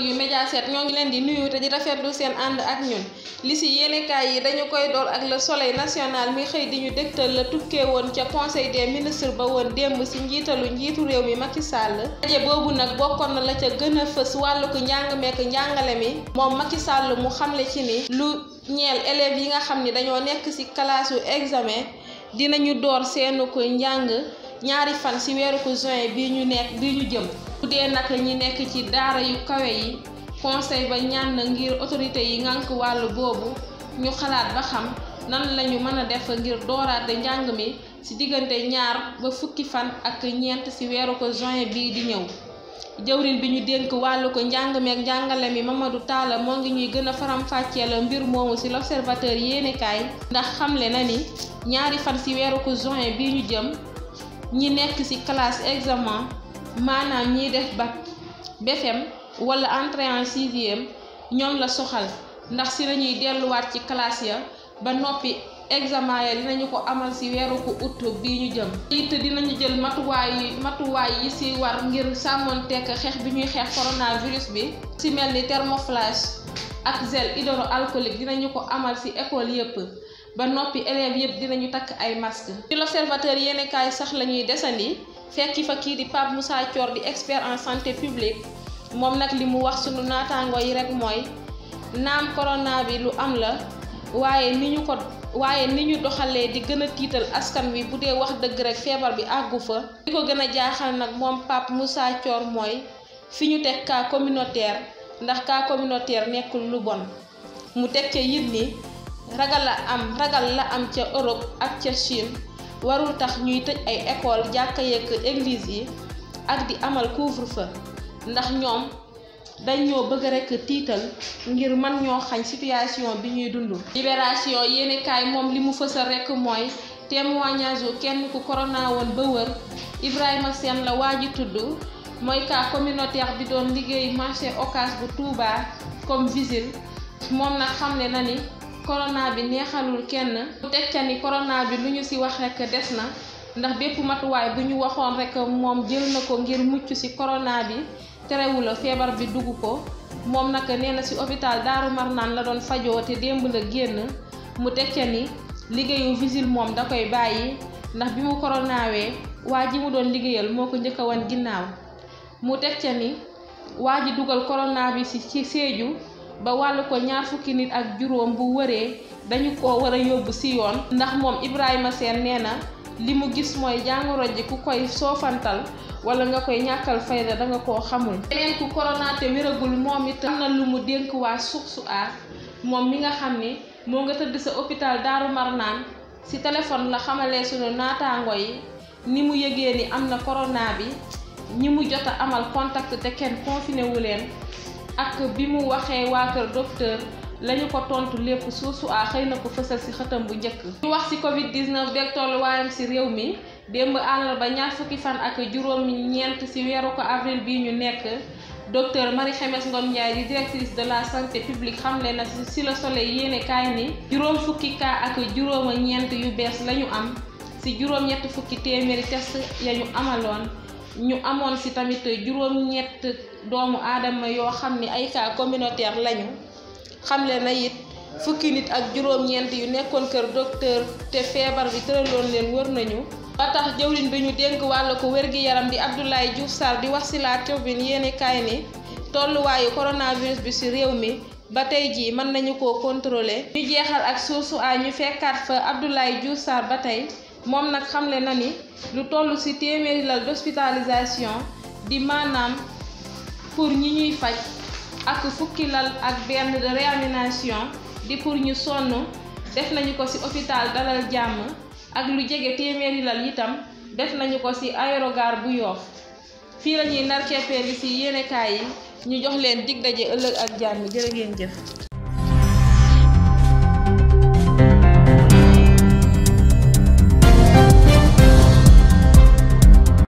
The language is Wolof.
internautes Média 7 ñoo ngi leen di nuyu te di rafetlu seen ànd ak li si yéenekaay yi dañu koy door ak le soleil national xëy di ñu dégtal la tukkee woon ca conseil des ba woon démb si njiitalu njiitu réew mi Macky Sall boobu nag bokkoon na la ca gën a fës wàllu ko njàng meek njàngale mi moom Macky Sall mu xamle ci ni lu ñeel élèves yi nga xam ni dañoo nekk si kalaasu yu examen dinañu door seenu ko njàng ñaari fan si weeru ko bi ñu nekk bi ñu jëm dee naka ñi nekk ci daara yu kawe yi conseil ba ñaan na ngir autorité yi ngànk wàll boobu ñu xalaat ba xam nan lañu mën a def ngir dooraate njàng mi ci diggante ñaar ba fukki fan ak ñeent ci weeru ko juin bii di ñëw jëwrin bi ñu dénk wàll ko njàng mi ak njàngale mi Mamadou Talla moo ngi ñuy gën a faram-fàcceel mbir moomu ci l'observateur yéenekaay ndax xamle na ni ñaari fan ci weeru ko juin bii ñu jëm ñi nekk ci classe examen maanaam ñiy def ba BFEM wala entrée en sixième ñoom la soxal ndax si lañuy delluwaat ci classe ya ba noppi examen ya dinañu ko amal si weeru ko août bii ñu jëm it dinañu jël matuwaay yi matuwaay si war ngir sàmmoon tekk xeex bi ñuy xeex coronavirus bi si mel ni thermoflash ak gel hydroalcoolique ñu ko amal si école yépp ba noppi élèves yépp dinañu takk ay masque ci l'observateur yenn kaay sax lañuy desandi fekki fa kii di Pape Moussa Thior di expert en santé publique moom nag li mu wax sunu naataangoo yi rek mooy naam corona bi lu am la waaye ni ñu ko waaye ni ñu doxalee di gën a tiital askan wi bu dee wax dëgg rek feebar bi àggu fa. li ko gën a jaaxal nag moom Pape Moussa Thior mooy fi ñu teg kaa communautaire ndax kaa communautaire nekkul lu bon mu teg ca yit ni ragal la am ragal la am ca Europe ak ca Chine. warul tax ñuy tëj ay école jàkka yeeg yi ak di amal couvre-feu ndax ñoom dañ ñoo bëgg rekk tiital ngir man ñoo xañ situation bi ñuy dund. Libération yéenekaay moom li mu fësal rekk mooy témoignage wu kenn ku corona woon ba wër Ibrahima Sène la waa ji tudd mooy cas communautaire bi doon liggéey marché Ocass bu Touba comme visile moom nag xamle na ni. corona bi neexalul kenn teg ca ni corona bi lu ñu ci wax rekk des na ndax bépp matuwaay bu ñu waxoon rekk moom jël na ko ngir mucc ci corona bi terewula feebar bi dugg ko moom nag nee na ci hôpital Daaru Marnaan la doon sajoo te démb la génn mu teg ca ni liggéeyu vigile moom da koy bàyyi ndax bi mu koronaawee waa ji mu doon liggéeyal moo ko njëkk a wan mu teg ca ni waa ji dugal corona bi ci ci Sédhiou ba wàll ko ñaar fukki nit ak juróom bu wëree dañu ko war a yóbbu si yoon ndax moom Ibrahima Sène nee na li mu gis mooy jàngoro ji ku koy soofantal wala nga koy ñàkkal fayda danga ko xamul keneen ku korona te moom it am na lu mu dénk waa Source moom mi nga xam ni moo nga tëdd sa hôpital Daaru Marnaan si téléphone la xamalee sunu naataango yi ni mu yëgee ni am na corona bi ñi mu jot a amal contact te kenn confiné wu leen ak bi mu waxee waa kër docteur lañu ko tontu lépp suusu a ah, xëy na ko fësal si xëtam bu njëkk ñu wax si covid 19 beeg tolluwaayam si réew mi démb àllarba ñaar fukki fan ak juróom ñeent si weeru ko avril bi ñu nekk docteur Marie Xemes Ngom Ndiaye di directrice de la santé publique xamle na si le soleil yéene kaay ni juróom fukki cas ak juróom ñeent yu bees lañu am si juróom ñett fukki téeméeri test ya ñu amaloon ñu amoon si tamit juróom ñett doomu aadama yoo xam ni ay cas communautaire lañu xamle na it fukki nit ak juróom-ñeent yu nekkoon kër docteur te feebar bi tëraloon leen wër nañu. ba tax jëwriñ bi ñu dénk wàll ko wérgi yaram di Abdoulaye Diouf Sarr di wax si la tribune yéene kaay ni tolluwaayu coronavirus bi si réew mi. ba tey jii mën nañu ko contrôler ñu jeexal ak source a ñu fekkaat fa Abdoulaye Diouf ba tey moom nag xamle na ni lu toll ci téeméeri lal d'hospitalisation di maanaam pour ñi ñuy faj ak fukki lal ak benn de réanimation di pour ñu sonn def nañu ko ci hôpital Dalal Jàmm ak lu jege téeméeri lal itam def nañu ko ci aérogare bu Yoff fii lañuy ñuy narkeppee li ci yéenekaay yi ñu jox leen dig daje ëllëg ak jàmm jërë ngeen jëf